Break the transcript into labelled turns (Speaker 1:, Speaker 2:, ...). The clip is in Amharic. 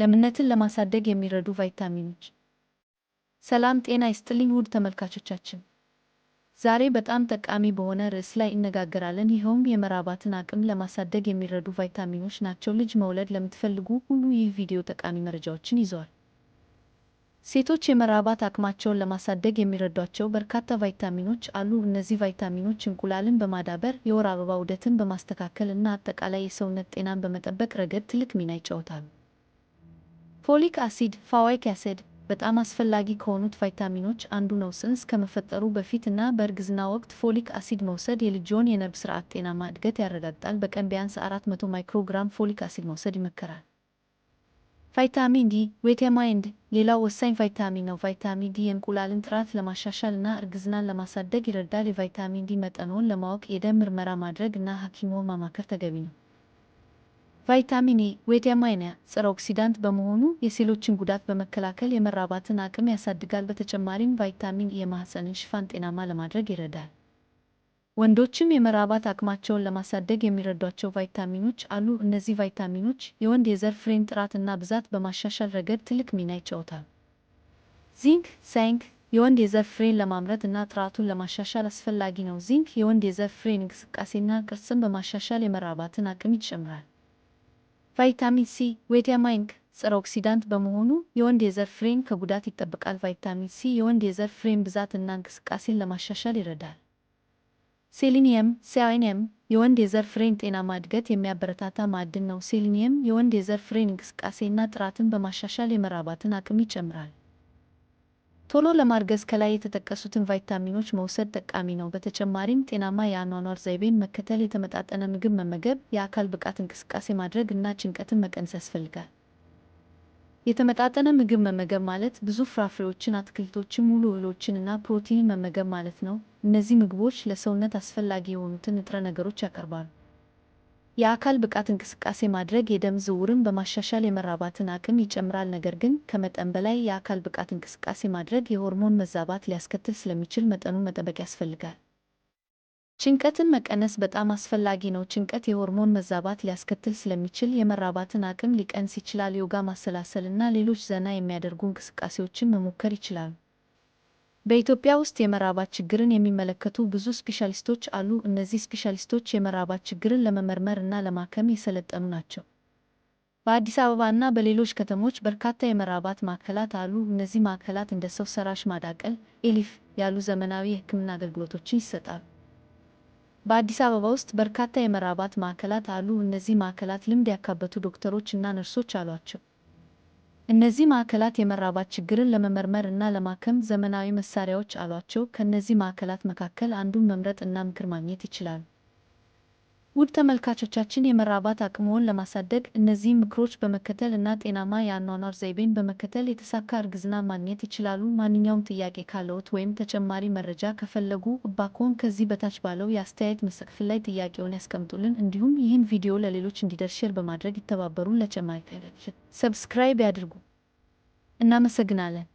Speaker 1: ለምነትን ለማሳደግ የሚረዱ ቫይታሚኖች። ሰላም ጤና ይስጥልኝ ውድ ተመልካቾቻችን፣ ዛሬ በጣም ጠቃሚ በሆነ ርዕስ ላይ እነጋገራለን። ይኸውም የመራባትን አቅም ለማሳደግ የሚረዱ ቫይታሚኖች ናቸው። ልጅ መውለድ ለምትፈልጉ ሁሉ ይህ ቪዲዮ ጠቃሚ መረጃዎችን ይዘዋል። ሴቶች የመራባት አቅማቸውን ለማሳደግ የሚረዷቸው በርካታ ቫይታሚኖች አሉ። እነዚህ ቫይታሚኖች እንቁላልን በማዳበር የወር አበባ ዑደትን በማስተካከል እና አጠቃላይ የሰውነት ጤናን በመጠበቅ ረገድ ትልቅ ሚና ይጫወታሉ። ፎሊክ አሲድ ፋዋይክ አሲድ በጣም አስፈላጊ ከሆኑት ቫይታሚኖች አንዱ ነው። ጽንስ ከመፈጠሩ በፊት እና በእርግዝና ወቅት ፎሊክ አሲድ መውሰድ የልጅዎን የነርቭ ስርዓት ጤናማ እድገት ያረጋግጣል። በቀን ቢያንስ 400 ማይክሮግራም ፎሊክ አሲድ መውሰድ ይመከራል። ቫይታሚን ዲ ዌቴማይንድ ሌላው ወሳኝ ቫይታሚን ነው። ቫይታሚን ዲ የእንቁላልን ጥራት ለማሻሻል እና እርግዝናን ለማሳደግ ይረዳል። የቫይታሚን ዲ መጠኖን ለማወቅ የደም ምርመራ ማድረግ እና ሐኪምዎን ማማከር ተገቢ ነው። ቫይታሚን ኤ ዌዲያማይኒያ ጸረ ኦክሲዳንት በመሆኑ የሴሎችን ጉዳት በመከላከል የመራባትን አቅም ያሳድጋል። በተጨማሪም ቫይታሚን ኢ የማህፀንን ሽፋን ጤናማ ለማድረግ ይረዳል። ወንዶችም የመራባት አቅማቸውን ለማሳደግ የሚረዷቸው ቫይታሚኖች አሉ። እነዚህ ቫይታሚኖች የወንድ የዘር ፍሬን ጥራትና ብዛት በማሻሻል ረገድ ትልቅ ሚና ይጫወታሉ። ዚንክ ሳይንክ የወንድ የዘር ፍሬን ለማምረት እና ጥራቱን ለማሻሻል አስፈላጊ ነው። ዚንክ የወንድ የዘር ፍሬን እንቅስቃሴና ቅርጽን በማሻሻል የመራባትን አቅም ይጨምራል። ቫይታሚን ሲ ዌዲያማይንግ ጸረ ኦክሲዳንት በመሆኑ የወንድ የዘር ፍሬን ከጉዳት ይጠብቃል። ቫይታሚን ሲ የወንድ የዘር ፍሬን ብዛትና እንቅስቃሴን ለማሻሻል ይረዳል። ሴሊኒየም ሲያኒየም የወንድ የዘር ፍሬን ጤናማ እድገት የሚያበረታታ ማዕድን ነው። ሴሊኒየም የወንድ የዘር ፍሬን እንቅስቃሴና ጥራትን በማሻሻል የመራባትን አቅም ይጨምራል። ቶሎ ለማርገዝ ከላይ የተጠቀሱትን ቫይታሚኖች መውሰድ ጠቃሚ ነው። በተጨማሪም ጤናማ የአኗኗር ዘይቤን መከተል፣ የተመጣጠነ ምግብ መመገብ፣ የአካል ብቃት እንቅስቃሴ ማድረግ እና ጭንቀትን መቀነስ ያስፈልጋል። የተመጣጠነ ምግብ መመገብ ማለት ብዙ ፍራፍሬዎችን፣ አትክልቶችን፣ ሙሉ እህሎችን እና ፕሮቲንን መመገብ ማለት ነው። እነዚህ ምግቦች ለሰውነት አስፈላጊ የሆኑትን ንጥረ ነገሮች ያቀርባሉ። የአካል ብቃት እንቅስቃሴ ማድረግ የደም ዝውውርን በማሻሻል የመራባትን አቅም ይጨምራል። ነገር ግን ከመጠን በላይ የአካል ብቃት እንቅስቃሴ ማድረግ የሆርሞን መዛባት ሊያስከትል ስለሚችል መጠኑን መጠበቅ ያስፈልጋል። ጭንቀትን መቀነስ በጣም አስፈላጊ ነው። ጭንቀት የሆርሞን መዛባት ሊያስከትል ስለሚችል የመራባትን አቅም ሊቀንስ ይችላል። ዮጋ፣ ማሰላሰል እና ሌሎች ዘና የሚያደርጉ እንቅስቃሴዎችን መሞከር ይችላሉ። በኢትዮጵያ ውስጥ የመራባት ችግርን የሚመለከቱ ብዙ ስፔሻሊስቶች አሉ። እነዚህ ስፔሻሊስቶች የመራባት ችግርን ለመመርመር እና ለማከም የሰለጠኑ ናቸው። በአዲስ አበባ እና በሌሎች ከተሞች በርካታ የመራባት ማዕከላት አሉ። እነዚህ ማዕከላት እንደ ሰው ሰራሽ ማዳቀል ኤሊፍ ያሉ ዘመናዊ የሕክምና አገልግሎቶችን ይሰጣሉ። በአዲስ አበባ ውስጥ በርካታ የመራባት ማዕከላት አሉ። እነዚህ ማዕከላት ልምድ ያካበቱ ዶክተሮች እና ነርሶች አሏቸው። እነዚህ ማዕከላት የመራባት ችግርን ለመመርመር እና ለማከም ዘመናዊ መሳሪያዎች አሏቸው። ከእነዚህ ማዕከላት መካከል አንዱን መምረጥ እና ምክር ማግኘት ይችላሉ። ውድ ተመልካቾቻችን የመራባት አቅምዎን ለማሳደግ እነዚህ ምክሮች በመከተል እና ጤናማ የአኗኗር ዘይቤን በመከተል የተሳካ እርግዝና ማግኘት ይችላሉ። ማንኛውም ጥያቄ ካለዎት ወይም ተጨማሪ መረጃ ከፈለጉ እባክዎን ከዚህ በታች ባለው የአስተያየት መስጫ ላይ ጥያቄውን ያስቀምጡልን። እንዲሁም ይህን ቪዲዮ ለሌሎች እንዲደርስ ሼር በማድረግ ይተባበሩን። ለጨማሪ ሰብስክራይብ ያድርጉ። እናመሰግናለን።